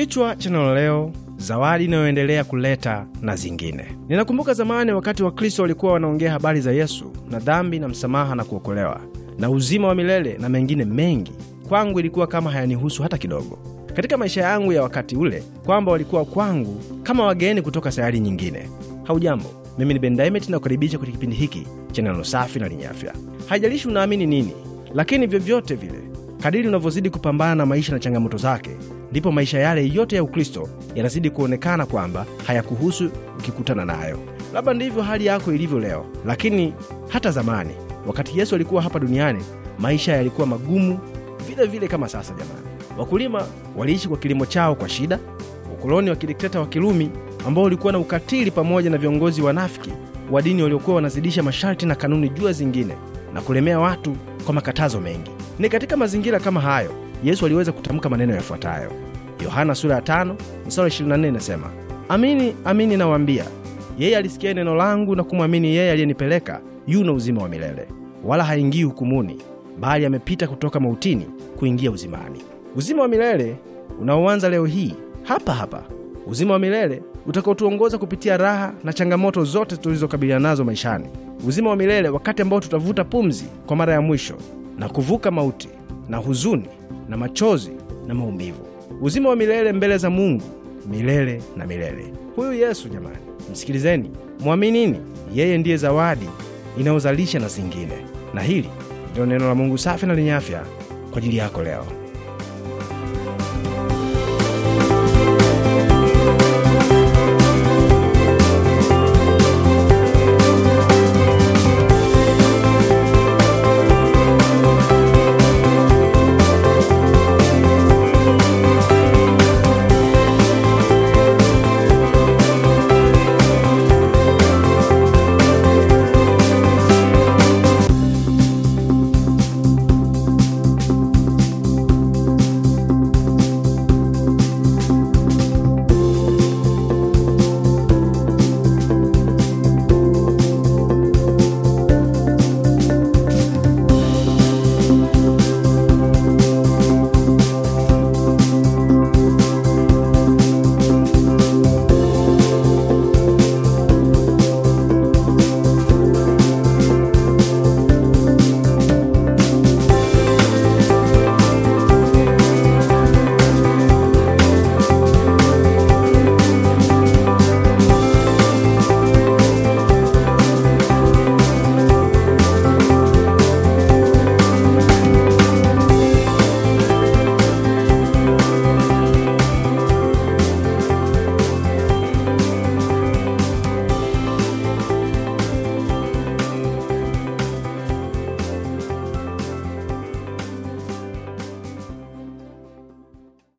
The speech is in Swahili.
Kichwa cha neno leo: zawadi inayoendelea kuleta na zingine. Ninakumbuka zamani wakati Wakristo walikuwa wanaongea habari za Yesu na dhambi na msamaha na kuokolewa na uzima wa milele na mengine mengi. Kwangu ilikuwa kama hayanihusu hata kidogo katika maisha yangu ya wakati ule, kwamba walikuwa kwangu kama wageni kutoka sayari nyingine. Haujambo, mimi ni Bendaimet Daimet na kukaribisha kwenye kipindi hiki cha neno safi na lenye afya. Haijalishi unaamini nini, lakini vyovyote vile, kadiri unavyozidi kupambana na maisha na changamoto zake ndipo maisha yale yote ya Ukristo yanazidi kuonekana kwamba hayakuhusu ukikutana nayo. Labda ndivyo hali yako ilivyo leo, lakini hata zamani wakati Yesu alikuwa hapa duniani maisha yalikuwa magumu vile vile kama sasa. Jamani, wakulima waliishi kwa kilimo chao kwa shida. Ukoloni wa kidikteta wa Kirumi ambao ulikuwa na ukatili pamoja na viongozi wanafiki wa dini waliokuwa wanazidisha masharti na kanuni jua zingine na kulemea watu kwa makatazo mengi. Ni katika mazingira kama hayo Yesu aliweza kutamka maneno yafuatayo. Yohana sura ya 5 mstari 24 inasema, amini amini nawaambia, yeye alisikia neno langu na kumwamini yeye aliyenipeleka na uzima wa milele, wala haingii hukumuni, bali amepita kutoka mautini kuingia uzimani. Uzima wa milele unaoanza leo hii hapa hapa, uzima wa milele utakaotuongoza kupitia raha na changamoto zote tulizokabiliana nazo maishani, uzima wa milele wakati ambao tutavuta pumzi kwa mara ya mwisho na kuvuka mauti na huzuni na machozi na maumivu, uzima wa milele mbele za Mungu milele na milele. Huyu Yesu jamani, msikilizeni, mwaminini yeye, ndiye zawadi inayozalisha na zingine. Na hili ndilo neno la Mungu safi na lenye afya kwa ajili yako leo.